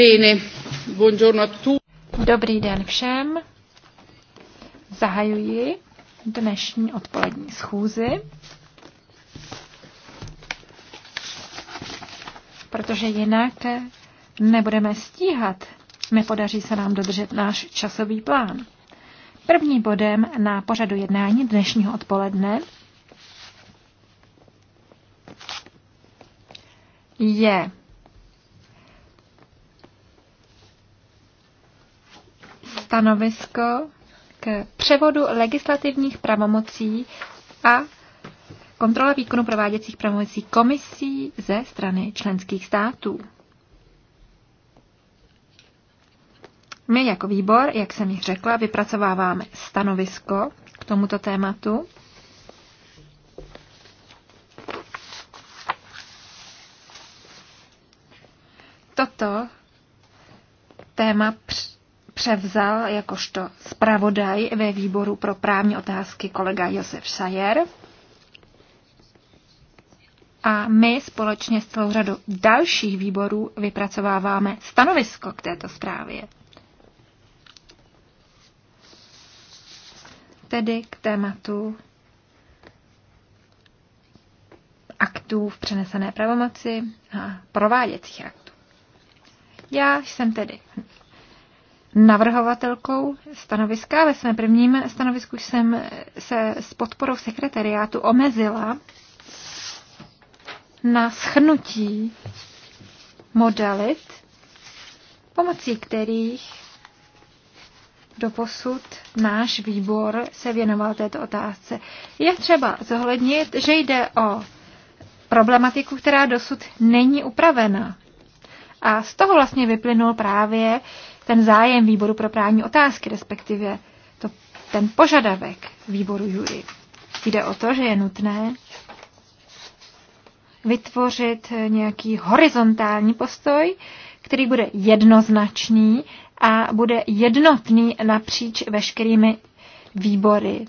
Bene, buongiorno a tutti. Dobrý den všem. Zahajuji dnešní odpolední schůzi. Protože jinak nebudeme stíhat. Nepodaří se nám dodržet náš časový plán. První bodem na pořadu jednání dnešního odpoledne je stanovisko k převodu legislativních pravomocí a kontrola výkonu prováděcích pravomocí komisí ze strany členských států. My jako výbor, jak jsem již řekla, vypracováváme stanovisko k tomuto tématu. Toto téma převzal jakožto zpravodaj ve výboru pro právní otázky kolega Josef Sajer. A my společně s celou řadou dalších výborů vypracováváme stanovisko k této zprávě. Tedy k tématu aktů v přenesené pravomoci a prováděcích aktů. Já jsem tedy navrhovatelkou stanoviska. Ve svém prvním stanovisku jsem se s podporou sekretariátu omezila na schnutí modalit, pomocí kterých doposud náš výbor se věnoval této otázce. Je třeba zohlednit, že jde o problematiku, která dosud není upravena. A z toho vlastně vyplynul právě ten zájem výboru pro právní otázky, respektive to, ten požadavek výboru jury. Jde o to, že je nutné vytvořit eh, nějaký horizontální postoj, který bude jednoznačný a bude jednotný napříč veškerými výbory.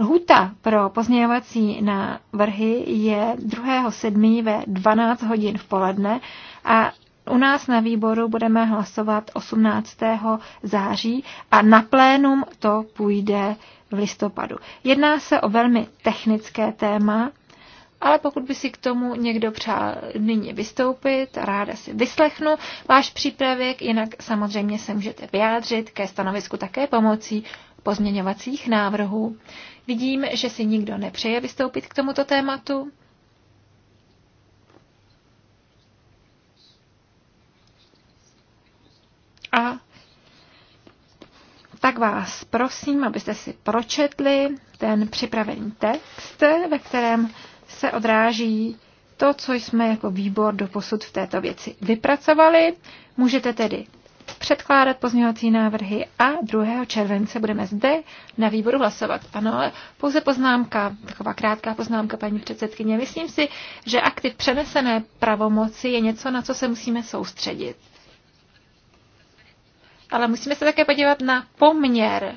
Lhuta pro pozměňovací návrhy je 2.7. ve 12 hodin v poledne a u nás na výboru budeme hlasovat 18. září a na plénum to půjde v listopadu. Jedná se o velmi technické téma, ale pokud by si k tomu někdo přál nyní vystoupit, ráda si vyslechnu váš přípravek, jinak samozřejmě se můžete vyjádřit ke stanovisku také pomocí pozměňovacích návrhů. Vidím, že si nikdo nepřeje vystoupit k tomuto tématu. A tak vás prosím, abyste si pročetli ten připravený text, ve kterém se odráží to, co jsme jako výbor do posud v této věci vypracovali. Můžete tedy předkládat pozměňovací návrhy a 2. července budeme zde na výboru hlasovat. Ano, ale pouze poznámka, taková krátká poznámka, paní předsedkyně. Myslím si, že aktiv přenesené pravomoci je něco, na co se musíme soustředit ale musíme se také podívat na poměr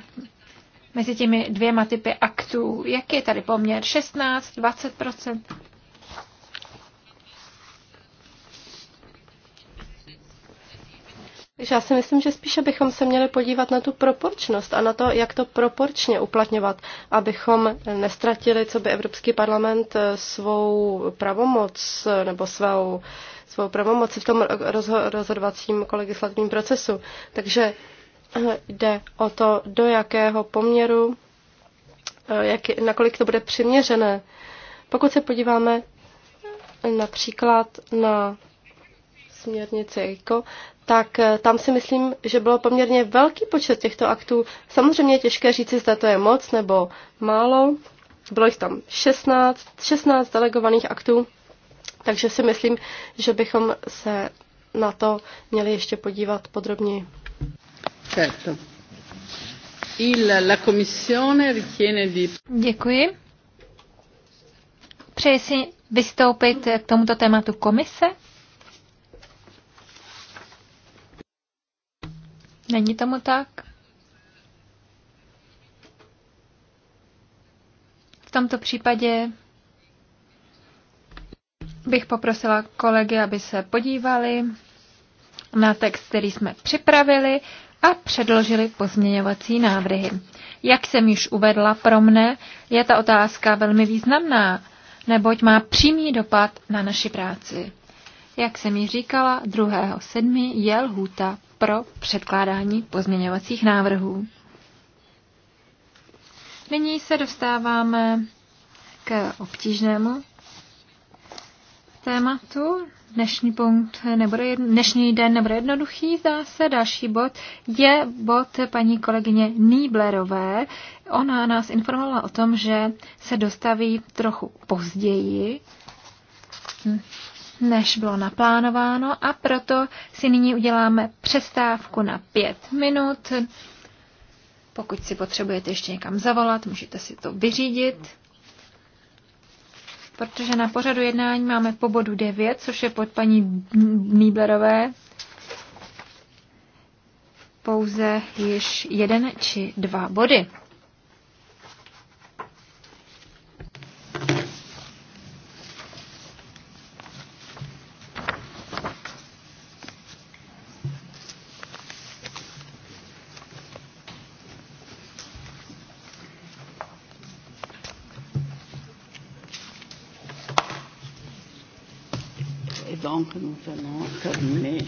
mezi těmi dvěma typy aktů. Jaký je tady poměr? 16, 20 Takže já si myslím, že spíše bychom se měli podívat na tu proporčnost a na to, jak to proporčně uplatňovat, abychom nestratili, co by Evropský parlament eh, svou pravomoc eh, nebo svou svou pravomoci v tom rozhodovacím legislativním procesu. Takže eh, jde o to, do jakého poměru, eh, jak, nakolik to bude přiměřené. Pokud se podíváme eh, například na směrnici EIKO, tak tam si myslím, že bylo poměrně velký počet těchto aktů. Samozřejmě je těžké říci, zda to je moc nebo málo. Bylo jich tam 16, 16 delegovaných aktů. Takže si myslím, že bychom se na to měli ještě podívat podrobněji. Certo. Il, la commissione ritiene di... Děkuji. Přeji si vystoupit k tomuto tématu komise? Není tomu tak? V tomto případě bych poprosila kolegy, aby se podívali na text, který jsme připravili a předložili pozměňovací návrhy. Jak jsem již uvedla, pro mne je ta otázka velmi významná, neboť má přímý dopad na naši práci. Jak jsem již říkala, 2.7. je lhůta pro předkládání pozměňovacích návrhů. Nyní se dostáváme k obtížnému tématu. Dnešní, punkt nebude, dnešní den nebude jednoduchý, zdá se. Další bod je bod paní kolegyně Nýblerové. Ona nás informovala o tom, že se dostaví trochu později, než bylo naplánováno a proto si nyní uděláme přestávku na pět minut. Pokud si potřebujete ještě někam zavolat, můžete si to vyřídit protože na pořadu jednání máme po bodu 9, což je pod paní Nýblerové pouze již jeden či dva body. morgen, nous allons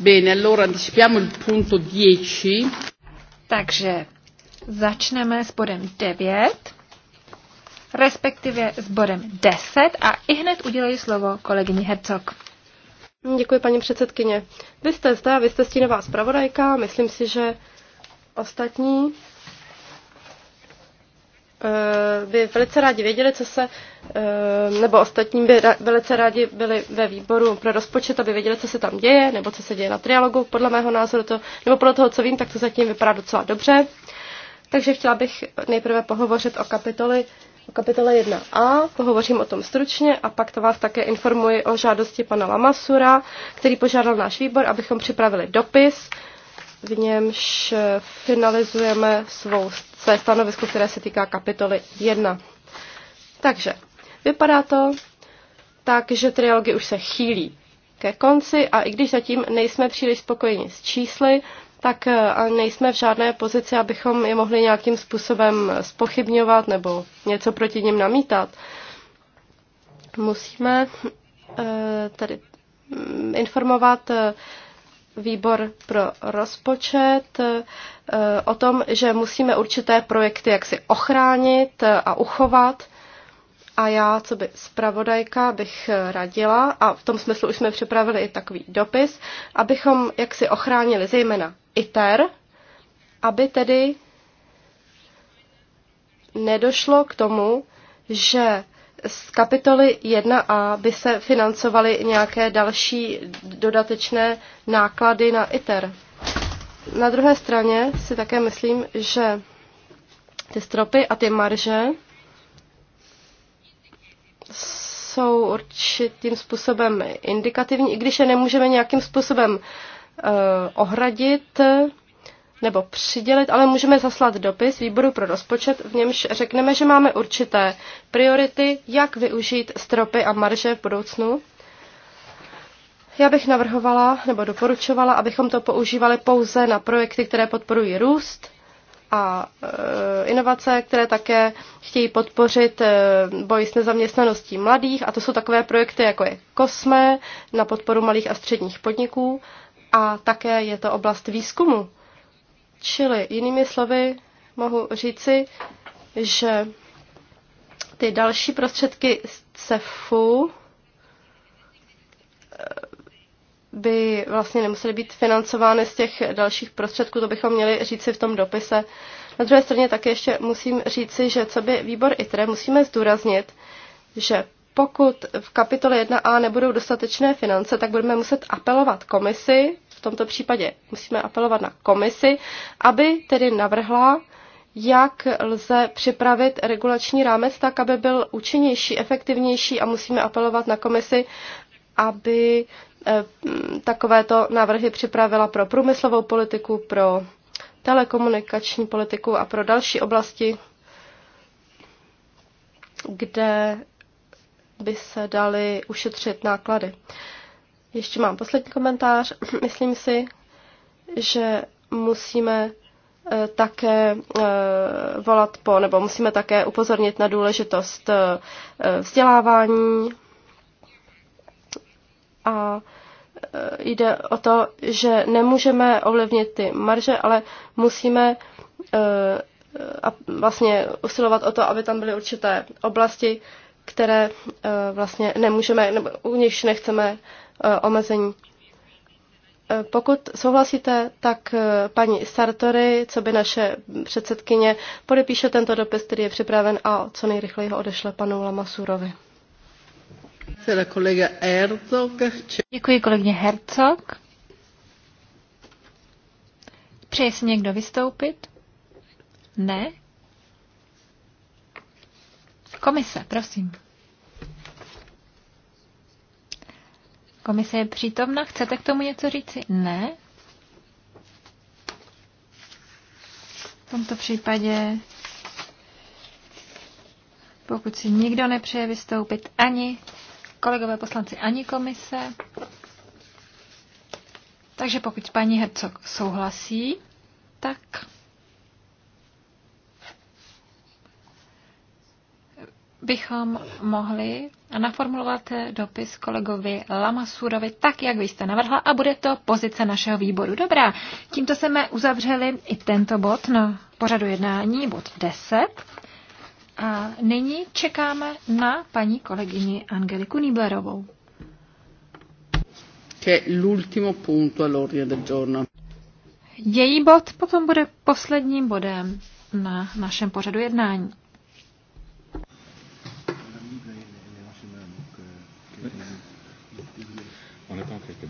Bene, allora anticipiamo il punto 10. Takže začneme s bodem 9, respektive s bodem 10 a i hned udělej slovo kolegyni Hercog. Děkuji, paní předsedkyně. Vy jste zde, vy jste stínová zpravodajka, myslím si, že ostatní eh, by velice rádi věděli, co se, eh, nebo ostatní by velice rádi byli ve výboru pro rozpočet, aby věděli, co se tam děje, nebo co se děje na trialogu. Podle mého názoru to, nebo podle toho, co vím, tak to zatím vypadá docela dobře. Takže chtěla bych nejprve pohovořit o kapitoli o kapitole 1a, pohovořím o tom stručně a pak to vás také informuji o žádosti pana Lamasura, který požádal náš výbor, abychom připravili dopis v němž finalizujeme svou, své stanovisko, které se týká kapitoly 1. Takže vypadá to tak, že trialogy už se chýlí ke konci a i když zatím nejsme příliš spokojeni s čísly, tak eh, nejsme v žádné pozici, abychom je mohli nějakým způsobem spochybňovat nebo něco proti ním namítat. Musíme eh, tady mm, informovat eh, výbor pro rozpočet eh, o tom, že musíme určité projekty jaksi ochránit eh, a uchovat. A já, co by zpravodajka, bych eh, radila, a v tom smyslu už jsme připravili i takový dopis, abychom jaksi ochránili zejména ITER, aby tedy nedošlo k tomu, že z kapitoly 1a by se financovaly nějaké další dodatečné náklady na ITER. Na druhé straně si také myslím, že ty stropy a ty marže jsou určitým způsobem indikativní, i když je nemůžeme nějakým způsobem uh, ohradit, nebo přidělit, ale můžeme zaslat dopis výboru pro rozpočet, v němž řekneme, že máme určité priority, jak využít stropy a marže v budoucnu. Já bych navrhovala nebo doporučovala, abychom to používali pouze na projekty, které podporují růst a e, inovace, které také chtějí podpořit e, boj s nezaměstnaností mladých. A to jsou takové projekty, jako je COSME na podporu malých a středních podniků. A také je to oblast výzkumu Čili jinými slovy mohu říci, že ty další prostředky z CEFu eh, by vlastně nemusely být financovány z těch dalších prostředků, to bychom měli říci v tom dopise. Na druhé straně také ještě musím říci, že co by výbor ITRE musíme zdůraznit, že pokud v kapitole 1a nebudou dostatečné finance, tak budeme muset apelovat komisi, v tomto případě musíme apelovat na komisi, aby tedy navrhla, jak lze připravit regulační rámec tak, aby byl účinnější, efektivnější a musíme apelovat na komisi, aby eh, takovéto návrhy připravila pro průmyslovou politiku, pro telekomunikační politiku a pro další oblasti, kde by se daly ušetřit náklady. Ještě mám poslední komentář. Myslím si, že musíme eh, také eh, volat po, nebo musíme také upozornit na důležitost eh, vzdělávání a jde o to, že nemůžeme ovlivnit ty marže, ale musíme vlastně usilovat o to, aby tam byly určité oblasti, které vlastně nemůžeme, nebo u nichž nechceme Eh, omezení. Eh, pokud souhlasíte, tak eh, paní Sartory, co by naše předsedkyně, podepíše tento dopis, který je připraven a co nejrychleji ho odešle panu Lamasurovi. Děkuji kolegyně Herzog. Přeje si někdo vystoupit? Ne? Komise, prosím. Komise je přítomna? Chcete k tomu něco říci? Ne? V tomto případě, pokud si nikdo nepřeje vystoupit ani kolegové poslanci, ani komise, takže pokud paní Hercog souhlasí, tak bychom mohli naformulovat dopis kolegovi Lamasurovi tak, jak vy jste navrhla a bude to pozice našeho výboru. Dobrá, tímto jsme uzavřeli i tento bod na pořadu jednání, bod 10. A nyní čekáme na paní kolegyni Angeliku Niblerovou. Její bod potom bude posledním bodem na našem pořadu jednání. On n'est pas en quelques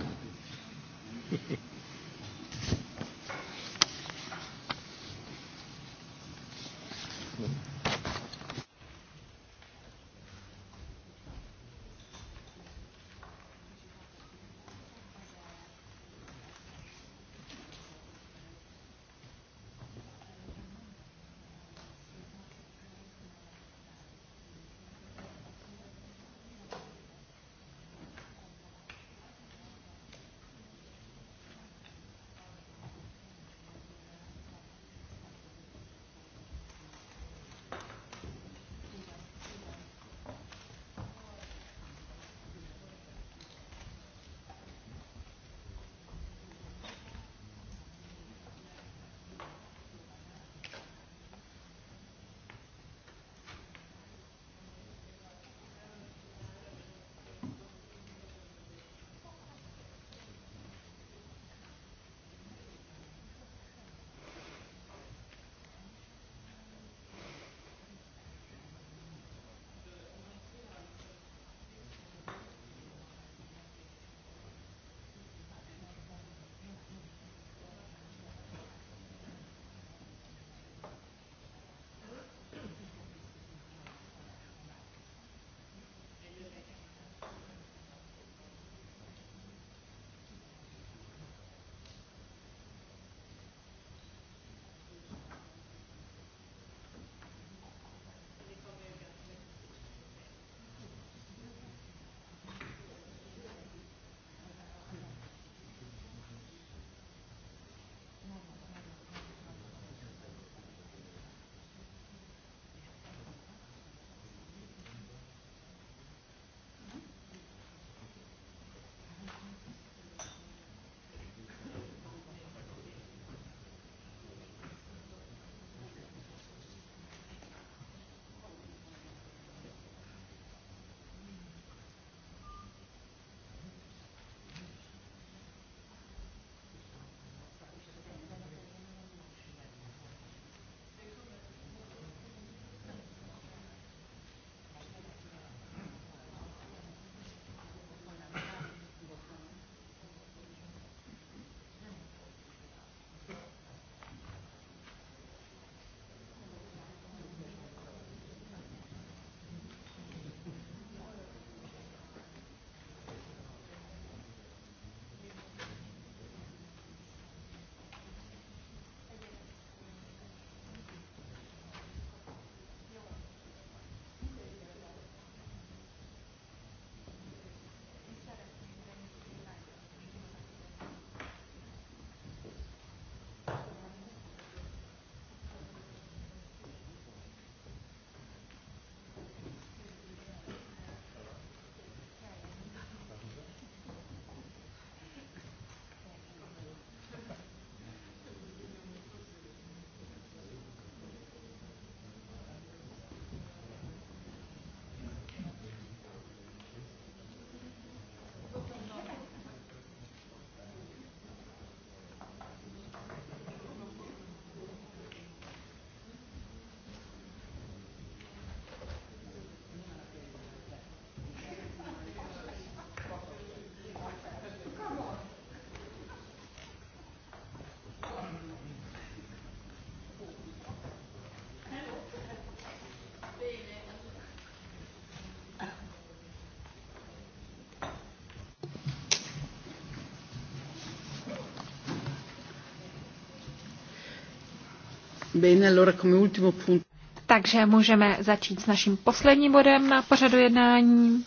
Takže můžeme začít s naším posledním bodem na pořadu jednání.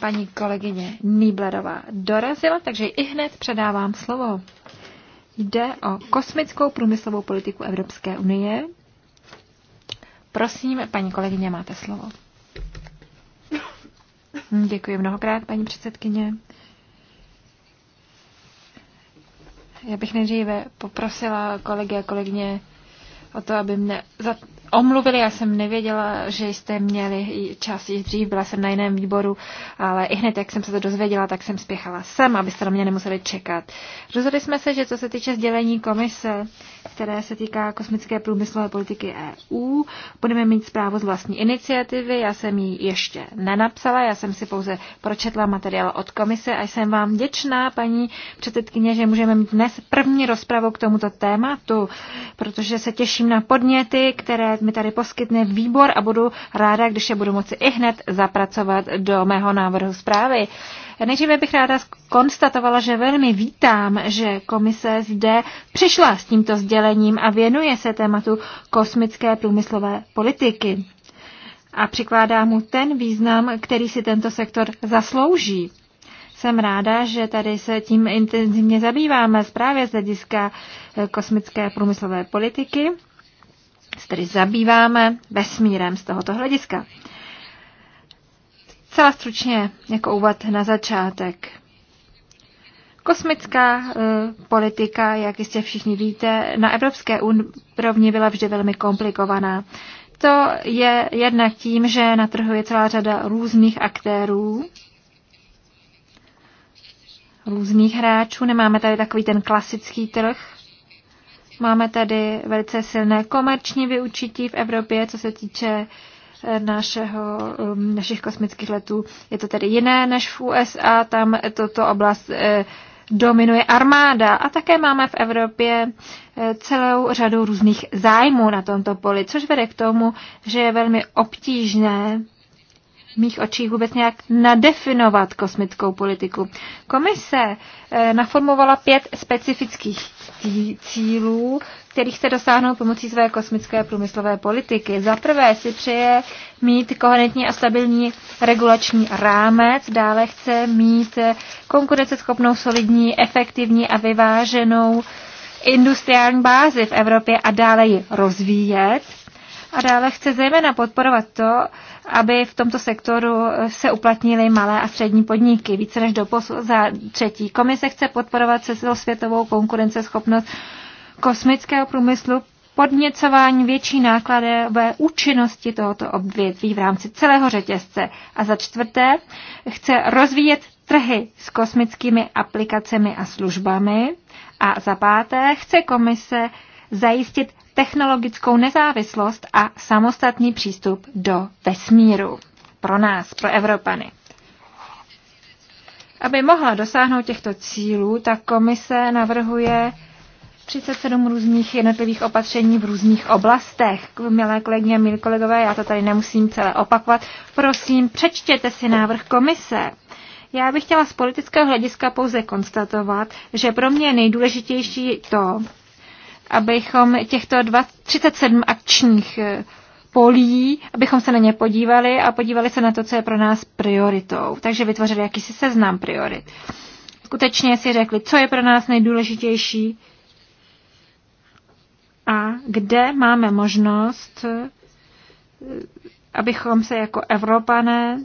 Paní kolegyně Nýbladová dorazila, takže i hned předávám slovo. Jde o kosmickou průmyslovou politiku Evropské unie. Prosím, paní kolegyně, máte slovo. Děkuji mnohokrát, paní předsedkyně. Já bych nejdříve poprosila kolegy a kolegyně o to, aby mne omluvili. Já jsem nevěděla, že jste měli čas i dřív, byla jsem na jiném výboru, ale i hned, jak jsem se to dozvěděla, tak jsem spěchala sem, abyste na mě nemuseli čekat. Rozhodli jsme se, že co se týče sdělení komise, které se týká kosmické průmyslové politiky EU, budeme mít zprávu z vlastní iniciativy. Já jsem ji ještě nenapsala, já jsem si pouze pročetla materiál od komise a jsem vám vděčná, paní předsedkyně, že můžeme mít dnes první rozpravu k tomuto tématu, protože se těším na podněty, které Elisabeth mi tady poskytne výbor a budu ráda, když je budu moci i hned zapracovat do mého návrhu zprávy. Nejdříve bych ráda konstatovala, že velmi vítám, že komise zde přišla s tímto sdělením a věnuje se tématu kosmické průmyslové politiky a přikládá mu ten význam, který si tento sektor zaslouží. Jsem ráda, že tady se tím intenzivně zabýváme právě z hlediska eh, kosmické průmyslové politiky se tedy zabýváme vesmírem z tohoto hlediska. Celá stručně jako úvod na začátek. Kosmická e, politika, jak jistě všichni víte, na evropské úrovni byla vždy velmi komplikovaná. To je jednak tím, že na trhu je celá řada různých aktérů, různých hráčů. Nemáme tady takový ten klasický trh, Máme tady velice silné komerční vyučití v Evropě, co se týče eh, našeho, um, našich kosmických letů. Je to tedy jiné než v USA, tam toto oblast eh, dominuje armáda a také máme v Evropě eh, celou řadu různých zájmů na tomto poli, což vede k tomu, že je velmi obtížné mých očích vůbec nějak nadefinovat kosmickou politiku. Komise eh, naformovala pět specifických cílů, kterých chce dosáhnout pomocí své kosmické průmyslové politiky. Za prvé si přeje mít koherentní a stabilní regulační rámec, dále chce mít konkurenceschopnou, solidní, efektivní a vyváženou industriální bázi v Evropě a dále ji rozvíjet. A dále chce zejména podporovat to, aby v tomto sektoru se uplatnily malé a střední podniky. Více než do posud za třetí. Komise chce podporovat celosvětovou konkurenceschopnost kosmického průmyslu podněcování větší nákladové účinnosti tohoto odvětví v rámci celého řetězce. A za čtvrté, chce rozvíjet trhy s kosmickými aplikacemi a službami. A za páté, chce komise zajistit technologickou nezávislost a samostatný přístup do vesmíru pro nás, pro Evropany. Aby mohla dosáhnout těchto cílů, tak komise navrhuje 37 různých jednotlivých opatření v různých oblastech. Milé kolegyně milí kolegové, já to tady nemusím celé opakovat. Prosím, přečtěte si návrh komise. Já bych chtěla z politického hlediska pouze konstatovat, že pro mě je nejdůležitější to, abychom těchto 37 akčních eh, polí, abychom se na ně podívali a podívali se na to, co je pro nás prioritou. Takže vytvořili jakýsi seznam priorit. Skutečně si řekli, co je pro nás nejdůležitější a kde máme možnost, eh, abychom se jako Evropané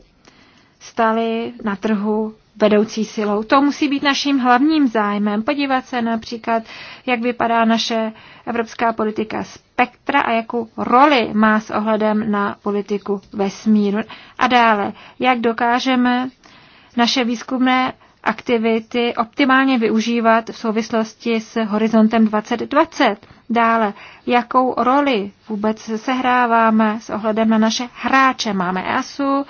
stali na trhu vedoucí silou. To musí být naším hlavním zájmem. Podívat se například, jak vypadá naše evropská politika spektra a jakou roli má s ohledem na politiku vesmíru. A dále, jak dokážeme naše výzkumné aktivity optimálně využívat v souvislosti s horizontem 2020. Dále, jakou roli vůbec sehráváme s ohledem na naše hráče. Máme EASU,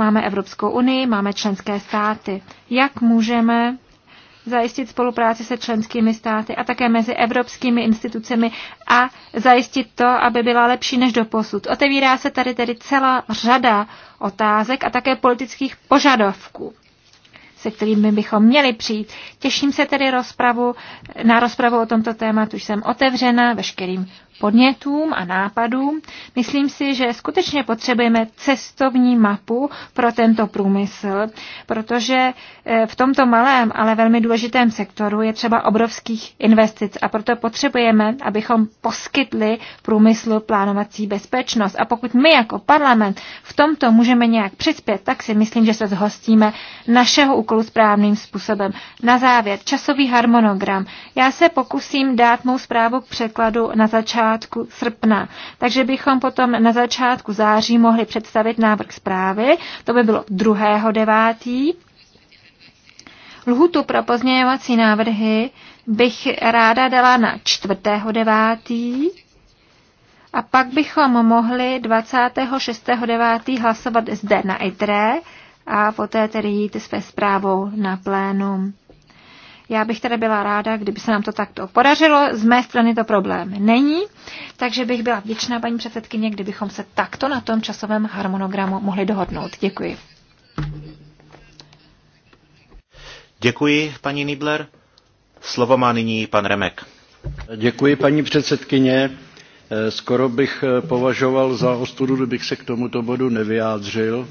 Máme Evropskou unii, máme členské státy. Jak můžeme zajistit spolupráci se členskými státy a také mezi evropskými institucemi a zajistit to, aby byla lepší než do posud. Otevírá se tady tedy celá řada otázek a také politických požadavků se kterými bychom měli přijít. Těším se tedy rozpravu, na rozpravu o tomto tématu. Už jsem otevřena veškerým podnětům a nápadům. Myslím si, že skutečně potřebujeme cestovní mapu pro tento průmysl, protože eh, v tomto malém, ale velmi důležitém sektoru je třeba obrovských investic a proto potřebujeme, abychom poskytli průmyslu plánovací bezpečnost. A pokud my jako parlament v tomto můžeme nějak přispět, tak si myslím, že se zhostíme našeho úkolu správným způsobem. Na závěr, časový harmonogram. Já se pokusím dát mou zprávu k překladu na začátku začátku srpna. Takže bychom potom na začátku září mohli představit návrh zprávy, to by bylo 2. 9. Lhutu pro pozměňovací návrhy bych ráda dala na 4. 9. A pak bychom mohli 26.9. hlasovat zde na ITRE a poté tedy jít s zprávou na plénum. Já bych teda byla ráda, kdyby se nám to takto podařilo. Z mé strany to problém není, takže bych byla vděčná paní předsedkyně, kdybychom se takto na tom časovém harmonogramu mohli dohodnout. Děkuji. Děkuji, paní Nibler. Slovo má nyní pan Remek. Děkuji, paní předsedkyně. Eh, skoro bych eh, považoval za ostudu, kdybych se k tomuto bodu nevyjádřil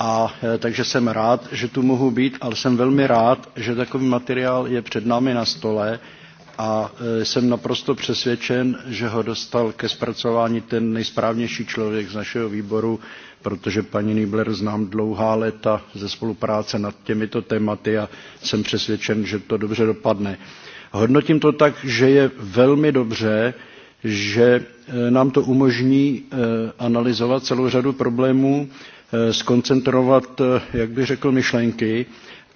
a e, takže jsem rád, že tu mohu být, ale jsem velmi rád, že takový materiál je před námi na stole a e, jsem naprosto přesvědčen, že ho dostal ke zpracování ten nejsprávnější člověk z našeho výboru, protože paní Nibler znám dlouhá léta ze spolupráce nad těmito tématy a jsem přesvědčen, že to dobře dopadne. Hodnotím to tak, že je velmi dobře, že e, nám to umožní e, analyzovat celou řadu problémů, e, skoncentrovat, jak bych řekl, myšlenky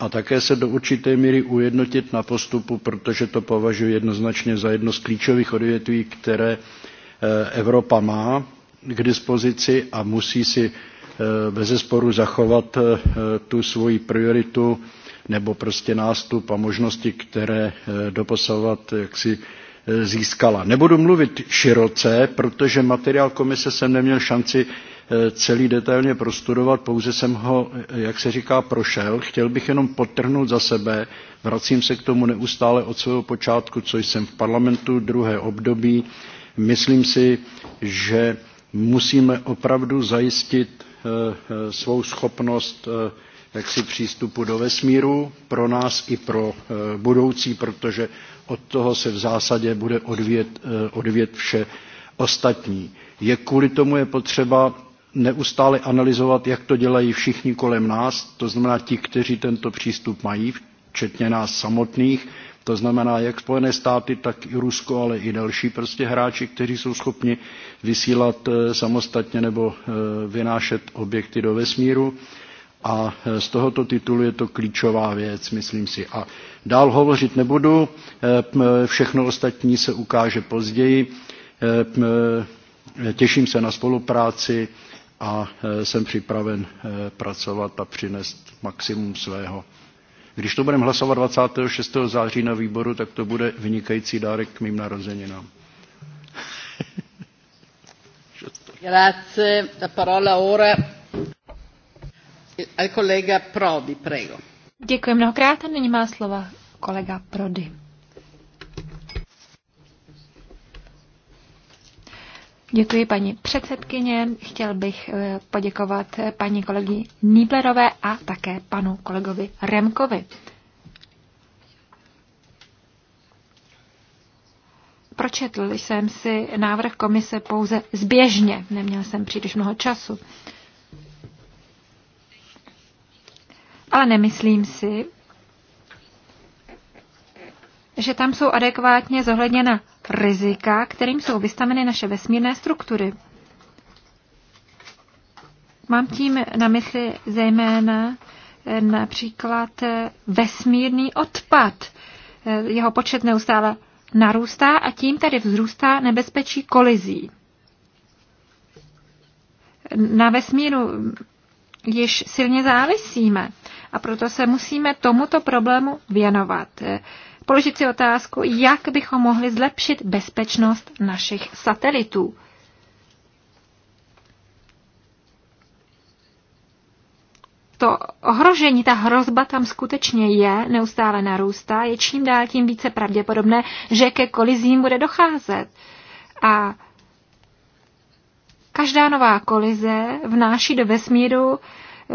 a také se do určité míry ujednotit na postupu, protože to považuji jednoznačně za jedno z klíčových odvětví, které Evropa má k dispozici a musí si bez zesporu zachovat tu svoji prioritu nebo prostě nástup a možnosti, které doposavat jaksi Eh, získala. Nebudu mluvit široce, protože materiál komise jsem neměl šanci eh, celý detailně prostudovat, pouze jsem ho, eh, jak se říká, prošel. Chtěl bych jenom potrhnout za sebe, vracím se k tomu neustále od svého počátku, co jsem v parlamentu druhé období. Myslím si, že musíme opravdu zajistit svou schopnost jaksi přístupu do vesmíru pro nás i pro budoucí, protože od toho se v zásadě bude odvět, eh, odvět vše ostatní. Je kvůli tomu je potřeba neustále analyzovat, jak to dělají všichni kolem nás, to znamená ti, kteří tento přístup mají, včetně nás samotných, to znamená jak Spojené státy, tak i Rusko, ale i další prostě hráči, kteří jsou schopni vysílat eh, samostatně nebo eh, vynášet objekty do vesmíru a eh, z tohoto titulu je to klíčová věc, myslím si. A dál hovořit nebudu, eh, všechno ostatní se ukáže později. Eh, těším se na spolupráci a jsem připraven pracovat a přinést maximum svého. Když to budeme hlasovat 26. září na výboru, tak to bude vynikající dárek k mým narozeninám. Grazie, la parola ora Děkuji mnohokrát a nyní má slova kolega Prody. Děkuji paní předsedkyně. Chtěl bych eh, poděkovat eh, paní kolegy Nýblerové a také panu kolegovi Remkovi. Pročetl jsem si návrh komise pouze zběžně, neměl jsem příliš mnoho času. ale nemyslím si, že tam jsou adekvátně zohledněna rizika, kterým jsou vystaveny naše vesmírné struktury. Mám tím na mysli zejména eh, například eh, vesmírný odpad. Eh, jeho počet neustále narůstá a tím tady vzrůstá nebezpečí kolizí. Na vesmíru již silně závisíme. A proto se musíme tomuto problému věnovat. Položit si otázku, jak bychom mohli zlepšit bezpečnost našich satelitů. to ohrožení, ta hrozba tam skutečně je, neustále narůstá, je čím dál tím více pravděpodobné, že ke kolizím bude docházet. A Každá nová kolize vnáší do vesmíru eh,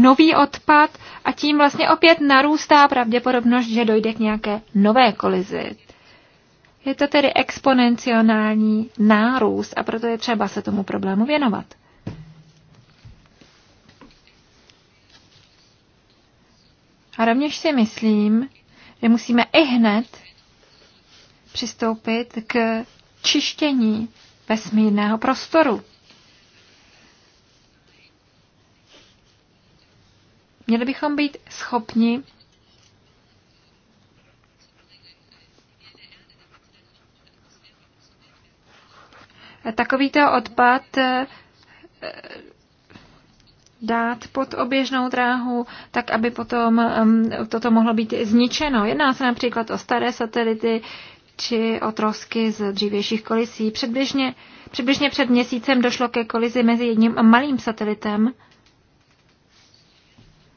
nový odpad a tím vlastně opět narůstá pravděpodobnost, že dojde k nějaké nové kolizi. Je to tedy exponenciální nárůst a proto je třeba se tomu problému věnovat. A rovněž si myslím, že musíme i hned přistoupit k čištění vesmírného prostoru. Měli bychom být schopni takovýto odpad eh, dát pod oběžnou dráhu, tak aby potom um, toto mohlo být zničeno. Jedná se například o staré satelity, či otrosky z dřívějších kolisí. Předběžně, přibližně před měsícem došlo ke kolizi mezi jedním a malým satelitem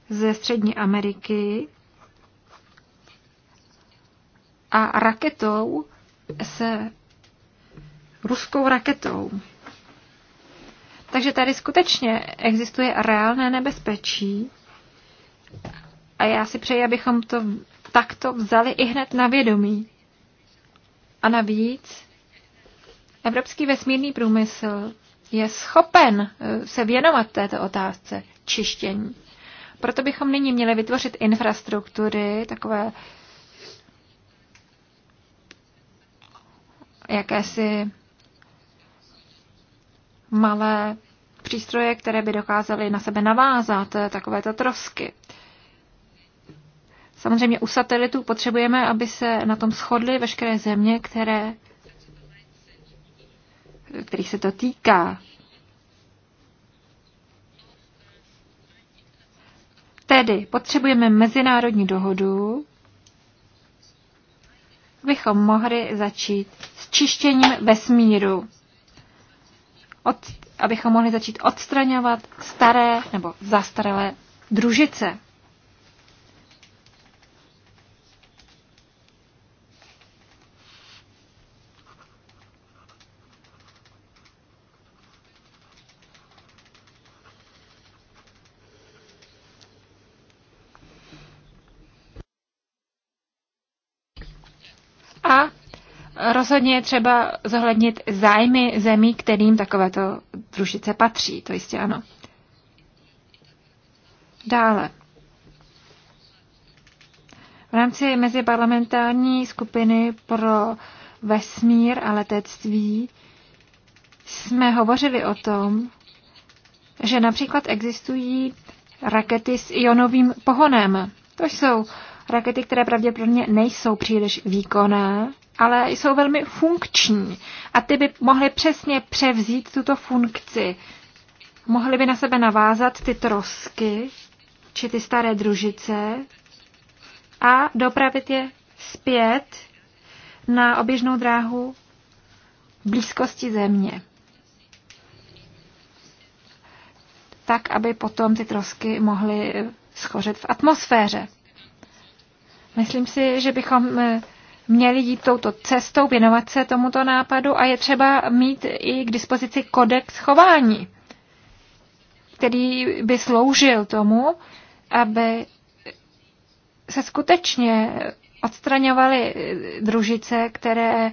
ze Střední Ameriky a raketou se ruskou raketou. Takže tady skutečně existuje reálné nebezpečí a já si přeji, abychom to takto vzali i hned na vědomí. A navíc evropský vesmírný průmysl je schopen eh, se věnovat této otázce čištění. Proto bychom nyní měli vytvořit infrastruktury, takové jakési malé přístroje, které by dokázaly na sebe navázat eh, takovéto trosky. Samozřejmě u satelitů potřebujeme, aby se na tom shodly veškeré země, které, kterých se to týká. Tedy potřebujeme mezinárodní dohodu, abychom mohli začít s čištěním vesmíru. Od, abychom mohli začít odstraňovat staré nebo zastaralé družice. rozhodně je třeba zohlednit zájmy zemí, kterým takovéto družice patří, to jistě ano. Dále. V rámci meziparlamentární skupiny pro vesmír a letectví jsme hovořili o tom, že například existují rakety s ionovým pohonem. To jsou rakety, které pravděpodobně nejsou příliš výkonné, ale jsou velmi funkční a ty by mohly přesně převzít tuto funkci. Mohly by na sebe navázat ty trosky či ty staré družice a dopravit je zpět na oběžnou dráhu blízkosti země. Tak, aby potom ty trosky mohly schořet v atmosféře. Myslím si, že bychom eh, měli jít touto cestou, věnovat se tomuto nápadu a je třeba mít i k dispozici kodex chování, který by sloužil tomu, aby se skutečně odstraňovaly družice, které,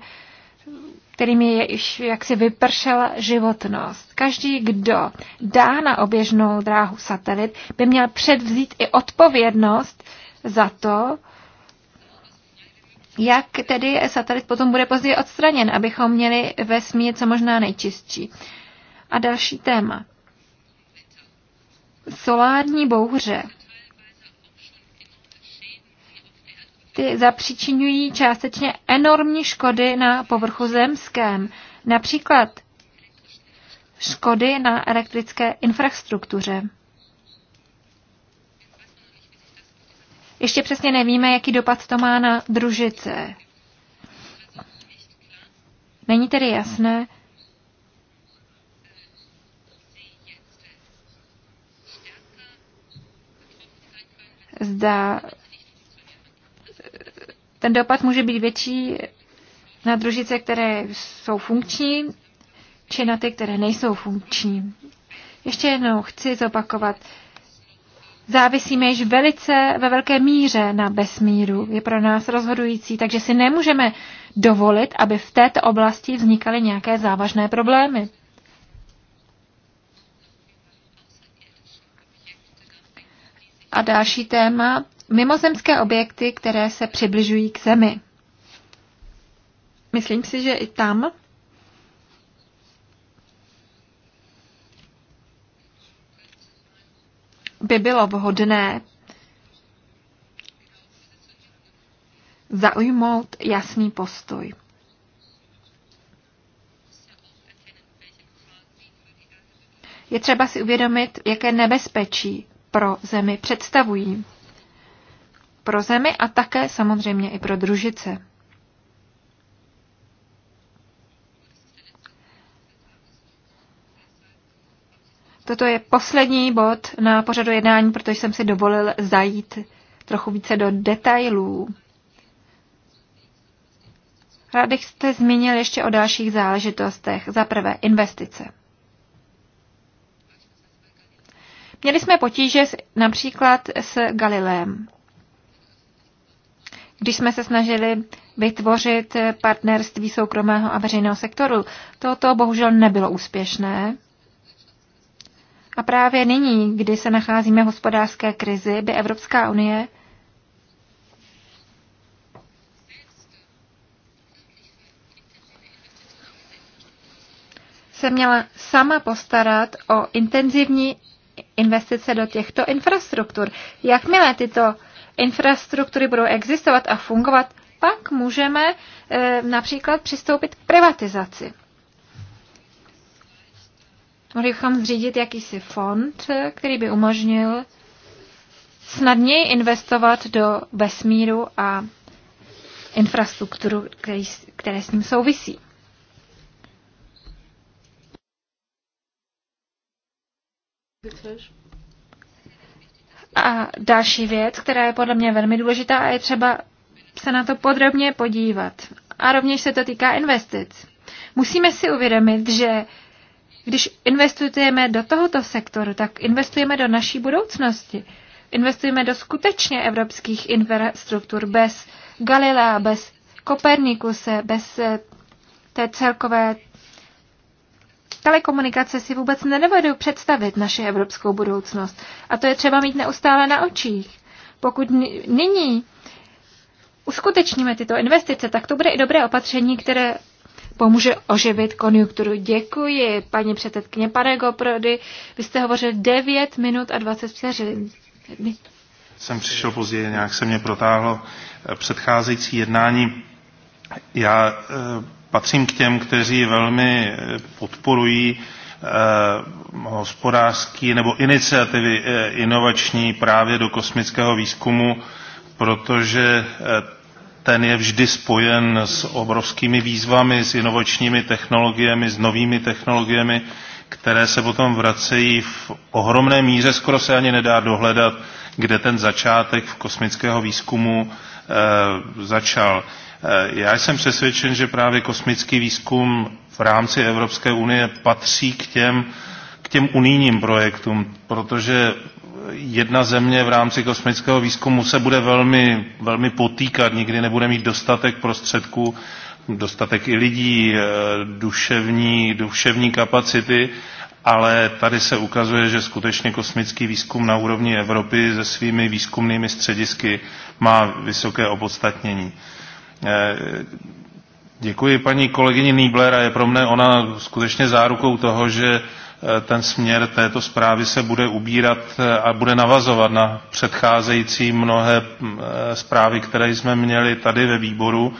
kterým je již jaksi vypršela životnost. Každý, kdo dá na oběžnou dráhu satelit, by měl předvzít i odpovědnost za to, jak tedy satelit potom bude později odstraněn, abychom měli vesmír co možná nejčistší. A další téma. Solární bouře. Ty zapříčinují částečně enormní škody na povrchu zemském. Například škody na elektrické infrastruktuře. Ještě přesně nevíme, jaký dopad to má na družice. Není tedy jasné, zda ten dopad může být větší na družice, které jsou funkční, či na ty, které nejsou funkční. Ještě jednou chci zopakovat, závisíme již velice ve velké míře na vesmíru. Je pro nás rozhodující, takže si nemůžeme dovolit, aby v této oblasti vznikaly nějaké závažné problémy. A další téma, mimozemské objekty, které se přibližují k Zemi. Myslím si, že i tam by bylo vhodné zaujmout jasný postoj. Je třeba si uvědomit, jaké nebezpečí pro zemi představují. Pro zemi a také samozřejmě i pro družice. Toto je poslední bod na pořadu jednání, protože jsem si dovolil zajít trochu více do detailů. Rád bych jste zmínil ještě o dalších záležitostech. Za prvé, investice. Měli jsme potíže s, například s Galilem. Když jsme se snažili vytvořit partnerství soukromého a veřejného sektoru, toto bohužel nebylo úspěšné. A právě nyní, kdy se nacházíme v hospodářské krizi, by Evropská unie se měla sama postarat o intenzivní investice do těchto infrastruktur. Jakmile tyto infrastruktury budou existovat a fungovat, pak můžeme e, například přistoupit k privatizaci. Mohli bychom zřídit jakýsi fond, který by umožnil snadněji investovat do vesmíru a infrastrukturu, který, které s ním souvisí. A další věc, která je podle mě velmi důležitá a je třeba se na to podrobně podívat. A rovněž se to týká investic. Musíme si uvědomit, že když investujeme do tohoto sektoru, tak investujeme do naší budoucnosti. Investujeme do skutečně evropských infrastruktur bez Galilea, bez Kopernikuse, bez eh, té celkové telekomunikace si vůbec nedovedou představit naši evropskou budoucnost. A to je třeba mít neustále na očích. Pokud nyní uskutečníme tyto investice, tak to bude i dobré opatření, které pomůže oživit konjunkturu. Děkuji, paní předsedkyně Parego Prody. Vy jste hovořil 9 minut a 20 vteřin. Jsem přišel později, nějak se mě protáhlo předcházející jednání. Já e, patřím k těm, kteří velmi eh, podporují eh, hospodářský nebo iniciativy inovační právě do kosmického výzkumu, protože ten je vždy spojen s obrovskými výzvami, s inovačními technologiemi, s novými technologiemi, které se potom vracejí v ohromné míře, skoro se ani nedá dohledat, kde ten začátek v kosmického výzkumu e, začal. E, já jsem přesvědčen, že právě kosmický výzkum v rámci Evropské unie patří k těm, k těm unijním projektům, protože jedna země v rámci kosmického výzkumu se bude velmi, velmi potýkat, nikdy nebude mít dostatek prostředků, dostatek i lidí, eh, duševní, duševní kapacity, ale tady se ukazuje, že skutečně kosmický výzkum na úrovni Evropy se svými výzkumnými středisky má vysoké opodstatnění. Eh, děkuji paní kolegyni Nýbler a je pro mne ona skutečně zárukou toho, že Eh, ten směr této zprávy se bude ubírat eh, a bude navazovat na předcházející mnohé mm, eh, zprávy, které jsme měli tady ve výboru,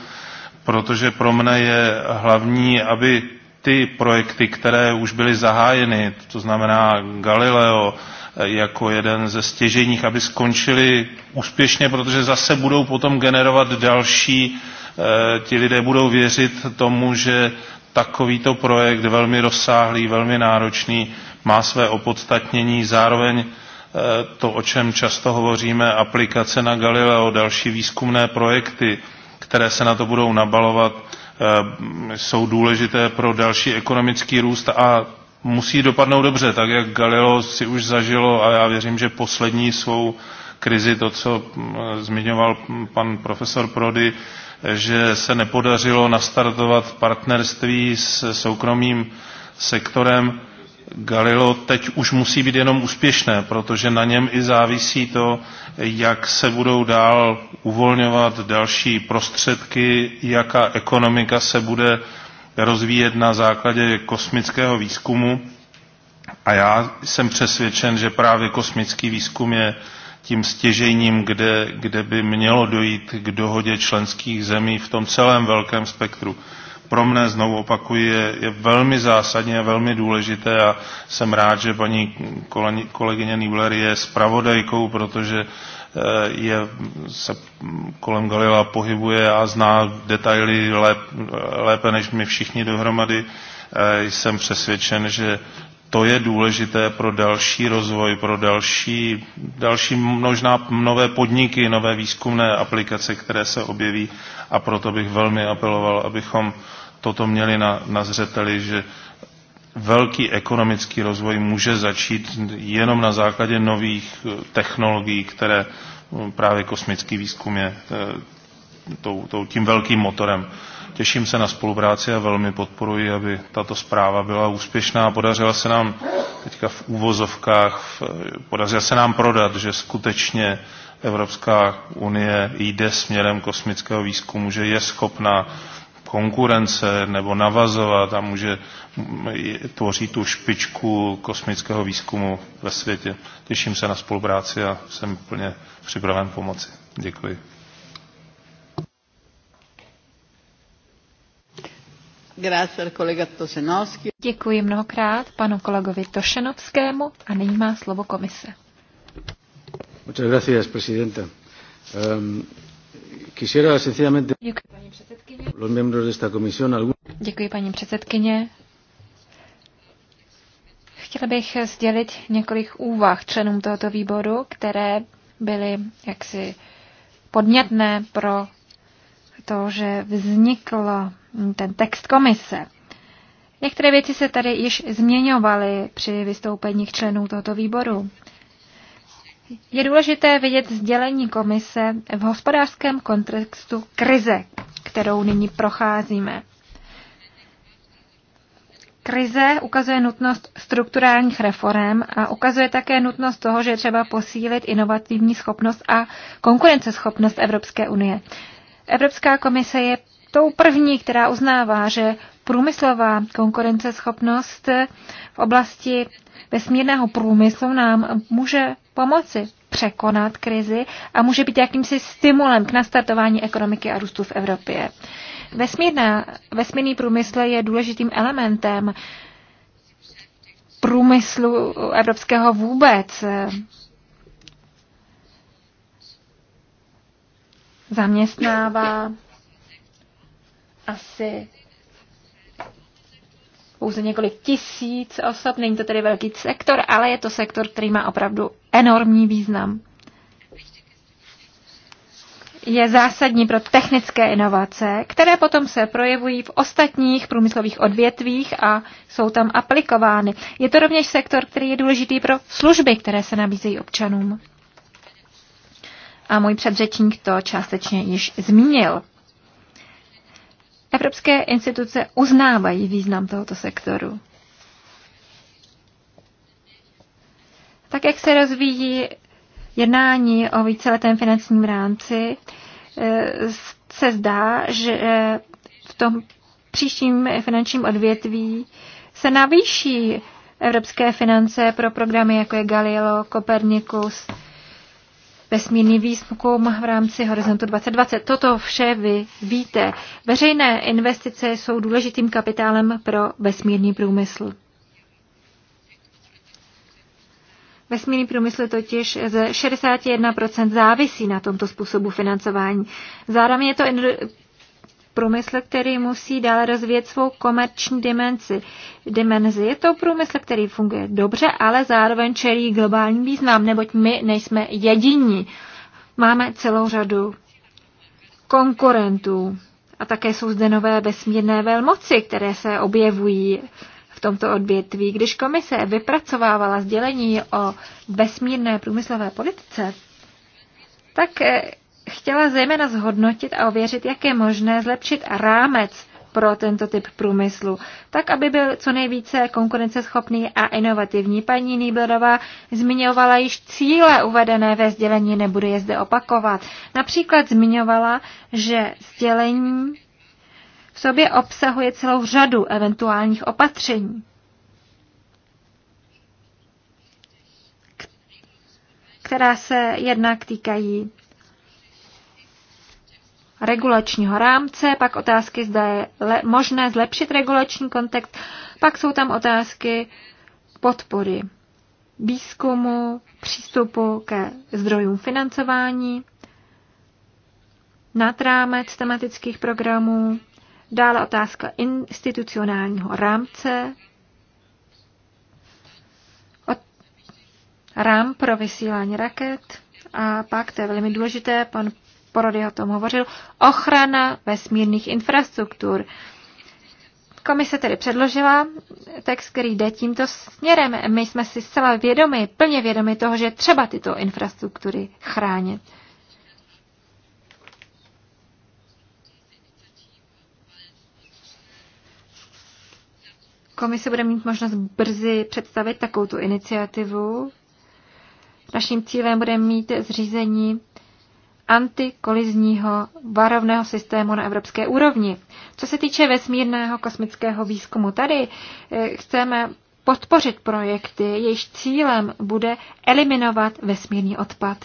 protože pro mne je hlavní, aby ty projekty, které už byly zahájeny, to znamená Galileo, jako jeden ze stěženích, aby skončili úspěšně, protože zase budou potom generovat další, ti lidé budou věřit tomu, že takovýto projekt, velmi rozsáhlý, velmi náročný, má své opodstatnění. Zároveň eh, to, o čem často hovoříme, aplikace na Galileo, další výzkumné projekty, které se na to budou nabalovat, eh, jsou důležité pro další ekonomický růst a musí dopadnout dobře, tak jak Galileo si už zažilo a já věřím, že poslední svou krizi, to, co mm, zmiňoval pan profesor Prody, že se nepodařilo nastartovat partnerství s soukromým sektorem. Galileo teď už musí být jenom úspěšné, protože na něm i závisí to, jak se budou dál uvolňovat další prostředky, jaká ekonomika se bude rozvíjet na základě kosmického výzkumu. A já jsem přesvědčen, že právě kosmický výzkum je tím stěžením, kde, kde by mělo dojít k dohodě členských zemí v tom celém velkém spektru. Pro mne, znovu opakuji, je, je velmi zásadně a velmi důležité a jsem rád, že paní kolegyně Nibler je spravodajkou, protože eh, je, se kolem Galila pohybuje a zná detaily lépe, lépe než my všichni dohromady. Eh, jsem přesvědčen, že to je důležité pro další rozvoj, pro další, další množná nové podniky, nové výzkumné aplikace, které se objeví a proto bych velmi apeloval, abychom toto měli na, na zřeteli, že velký ekonomický rozvoj může začít jenom na základě nových eh, technologií, které eh, právě kosmický výzkum je eh, tou, tou, tím velkým motorem Těším se na spolupráci a velmi podporuji, aby tato zpráva byla úspěšná. Podařila se nám teďka v úvozovkách, podařila se nám prodat, že skutečně Evropská unie jde směrem kosmického výzkumu, že je schopná konkurence nebo navazovat a může tvořit tu špičku kosmického výzkumu ve světě. Těším se na spolupráci a jsem plně připraven pomoci. Děkuji. Děkuji mnohokrát panu kolegovi Tošenovskému a nyní má slovo komise. Muchas gracias, presidenta. Um, quisiera sencillamente Děkuji, paní předsedkyně. Los miembros de esta comisión algún... Děkuji, paní předsedkyně. Chtěla bych sdělit několik úvah členům tohoto výboru, které byly jaksi podnětné pro to, že vznikla Mm, ten text komise. Některé věci se tady již změňovaly při vystoupeních členů tohoto výboru. Je důležité vidět sdělení komise v hospodářském kontextu krize, kterou nyní procházíme. Krize ukazuje nutnost strukturálních reform a ukazuje také nutnost toho, že je třeba posílit inovativní schopnost a konkurenceschopnost Evropské unie. Evropská komise je tou první, která uznává, že průmyslová konkurenceschopnost v oblasti vesmírného průmyslu nám může pomoci překonat krizi a může být jakýmsi stimulem k nastartování ekonomiky a růstu v Evropě. Vesmírná, vesmírný průmysl je důležitým elementem průmyslu evropského vůbec. Zaměstnává asi pouze několik tisíc osob, není to tedy velký sektor, ale je to sektor, který má opravdu enormní význam. Je zásadní pro technické inovace, které potom se projevují v ostatních průmyslových odvětvích a jsou tam aplikovány. Je to rovněž sektor, který je důležitý pro služby, které se nabízejí občanům. A můj předřečník to částečně již zmínil. Evropské instituce uznávají význam tohoto sektoru. Tak jak se rozvíjí jednání o víceletém finančním rámci, eh, se zdá, že v tom příštím finančním odvětví se navýší evropské finance pro programy jako je Galileo, Copernicus, vesmírný výzkum v rámci Horizontu 2020. Toto vše vy víte. Veřejné investice jsou důležitým kapitálem pro vesmírný průmysl. Vesmírný průmysl totiž ze 61% závisí na tomto způsobu financování. Zároveň je to průmysl, který musí dále rozvíjet svou komerční dimenzi. dimenzi. Je to průmysl, který funguje dobře, ale zároveň čelí globální význam, neboť my nejsme jediní. Máme celou řadu konkurentů a také jsou zde nové vesmírné velmoci, které se objevují v tomto odvětví. Když komise vypracovávala sdělení o vesmírné průmyslové politice, tak eh, chtěla zejména zhodnotit a ověřit, jak je možné zlepšit rámec pro tento typ průmyslu, tak aby byl co nejvíce konkurenceschopný a inovativní. Paní Nýblerová zmiňovala již cíle uvedené ve sdělení, nebudu je zde opakovat. Například zmiňovala, že sdělení v sobě obsahuje celou řadu eventuálních opatření. která se jednak týkají regulačního rámce, pak otázky, zda je le- možné zlepšit regulační kontext, pak jsou tam otázky podpory výzkumu, přístupu ke zdrojům financování, nad rámec tematických programů, dále otázka institucionálního rámce, rám pro vysílání raket a pak, to je velmi důležité, pan Porody o tom hovořil, ochrana vesmírných infrastruktur. Komise tedy předložila text, který jde tímto směrem. My jsme si zcela vědomi, plně vědomi toho, že třeba tyto infrastruktury chránit. Komise bude mít možnost brzy představit takovou tu iniciativu. Naším cílem bude mít zřízení antikolizního varovného systému na evropské úrovni. Co se týče vesmírného kosmického výzkumu, tady eh, chceme podpořit projekty, jejichž cílem bude eliminovat vesmírný odpad.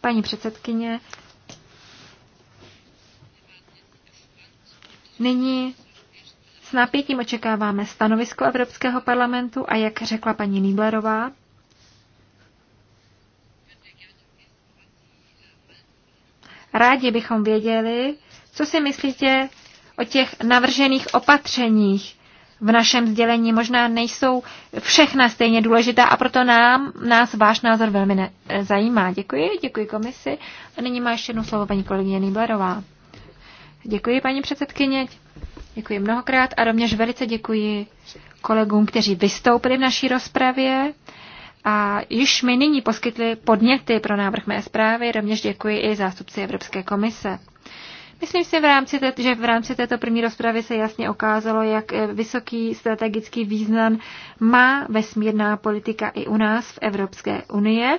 Paní předsedkyně, nyní s napětím očekáváme stanovisko Evropského parlamentu a jak řekla paní Nýblerová, Rádi bychom věděli, co si myslíte o těch navržených opatřeních v našem sdělení. Možná nejsou všechna stejně důležitá a proto nám, nás váš názor velmi ne- zajímá. Děkuji, děkuji komisi. A nyní má ještě jednou slovo paní kolegyně Nýblerová. Děkuji, paní předsedkyně. Děkuji mnohokrát a rovněž velice děkuji kolegům, kteří vystoupili v naší rozpravě a již mi nyní poskytli podněty pro návrh mé zprávy, rovněž děkuji i zástupci Evropské komise. Myslím si, v rámci té, že v rámci této první rozpravy se jasně ukázalo, jak eh, vysoký strategický význam má vesmírná politika i u nás v Evropské unie.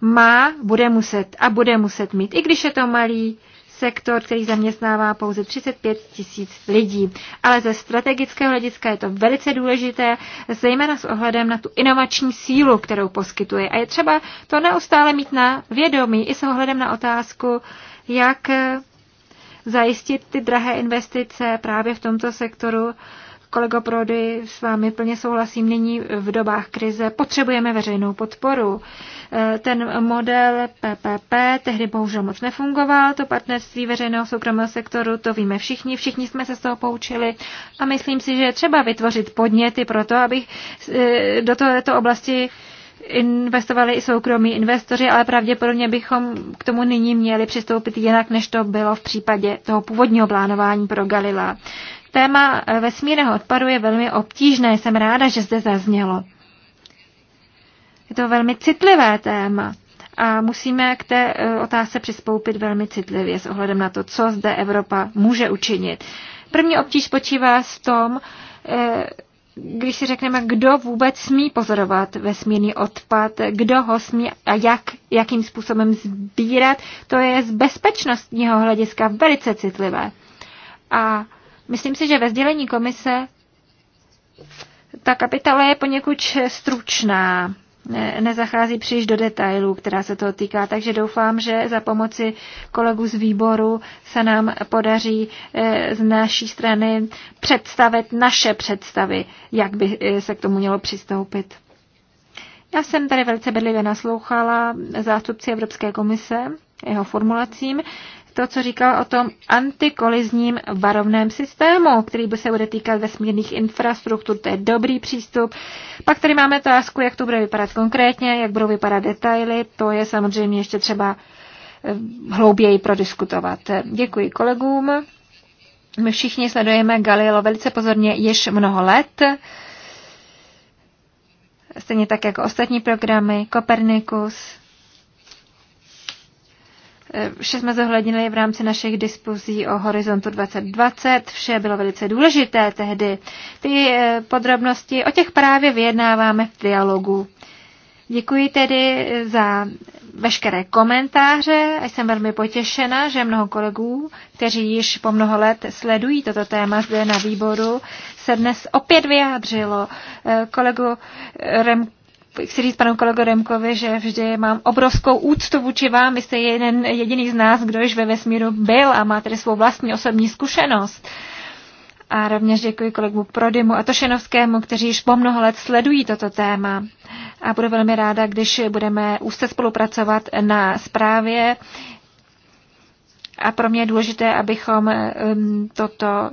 Má, bude muset a bude muset mít, i když je to malý sektor, který zaměstnává pouze 35 tisíc lidí. Ale ze strategického hlediska je to velice důležité, zejména s ohledem na tu inovační sílu, kterou poskytuje. A je třeba to neustále mít na vědomí i s ohledem na otázku, jak zajistit ty drahé investice právě v tomto sektoru, Kolego Prody, s vámi plně souhlasím, nyní v dobách krize potřebujeme veřejnou podporu. Eh, ten model PPP tehdy bohužel moc nefungoval, to partnerství veřejného soukromého sektoru, to víme všichni, všichni jsme se z toho poučili a myslím si, že je třeba vytvořit podněty pro to, aby eh, do této oblasti investovali i soukromí investoři, ale pravděpodobně bychom k tomu nyní měli přistoupit jinak, než to bylo v případě toho původního plánování pro Galila. Téma vesmírného odpadu je velmi obtížné, jsem ráda, že zde zaznělo. Je to velmi citlivé téma a musíme k té e, otázce přistoupit velmi citlivě s ohledem na to, co zde Evropa může učinit. První obtíž spočívá v tom, e, když si řekneme, kdo vůbec smí pozorovat vesmírný odpad, kdo ho smí a jak, jakým způsobem sbírat, to je z bezpečnostního hlediska velice citlivé. A Myslím si, že ve sdělení komise ta kapitola je poněkud stručná, ne, nezachází příliš do detailů, která se toho týká, takže doufám, že za pomoci kolegů z výboru se nám podaří eh, z naší strany představit naše představy, jak by eh, se k tomu mělo přistoupit. Já jsem tady velice bedlivě naslouchala zástupci Evropské komise, jeho formulacím to, co říkal o tom antikolizním varovném systému, který by se bude týkat vesmírných infrastruktur, to je dobrý přístup. Pak tady máme otázku, jak to bude vypadat konkrétně, jak budou vypadat detaily, to je samozřejmě ještě třeba eh, hlouběji prodiskutovat. Děkuji kolegům. My všichni sledujeme Galileo velice pozorně již mnoho let, stejně tak jako ostatní programy Kopernikus, Vše jsme zohlednili v rámci našich diskuzí o Horizontu 2020. Vše bylo velice důležité tehdy. Ty eh, podrobnosti o těch právě vyjednáváme v dialogu. Děkuji tedy eh, za veškeré komentáře a jsem velmi potěšena, že mnoho kolegů, kteří již po mnoho let sledují toto téma zde na výboru, se dnes opět vyjádřilo. Eh, kolegu Remku chci říct panu kolego Remkovi, že vždy mám obrovskou úctu vůči vám. Vy jste jeden jediný z nás, kdo již ve vesmíru byl a má tedy svou vlastní osobní zkušenost. A rovněž děkuji kolegu Prodymu a Tošenovskému, kteří již po mnoho let sledují toto téma. A budu velmi ráda, když budeme úzce spolupracovat na zprávě. A pro mě je důležité, abychom um, toto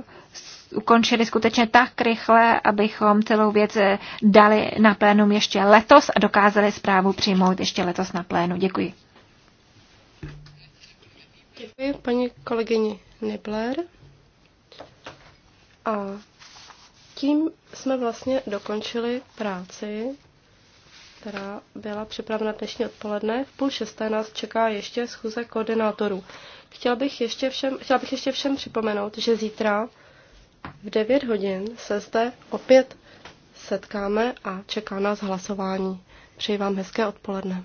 ukončili skutečně tak rychle, abychom celou věc eh, dali na plénum ještě letos a dokázali zprávu přijmout ještě letos na plénu. Děkuji. Děkuji paní kolegyni Nibler. A tím jsme vlastně dokončili práci, která byla připravena dnešní odpoledne. V půl šesté nás čeká ještě schůze koordinátorů. Chtěla bych ještě všem, chtěla bych ještě všem připomenout, že zítra v 9 hodin se zde opět setkáme a čeká nás hlasování. Přeji vám hezké odpoledne.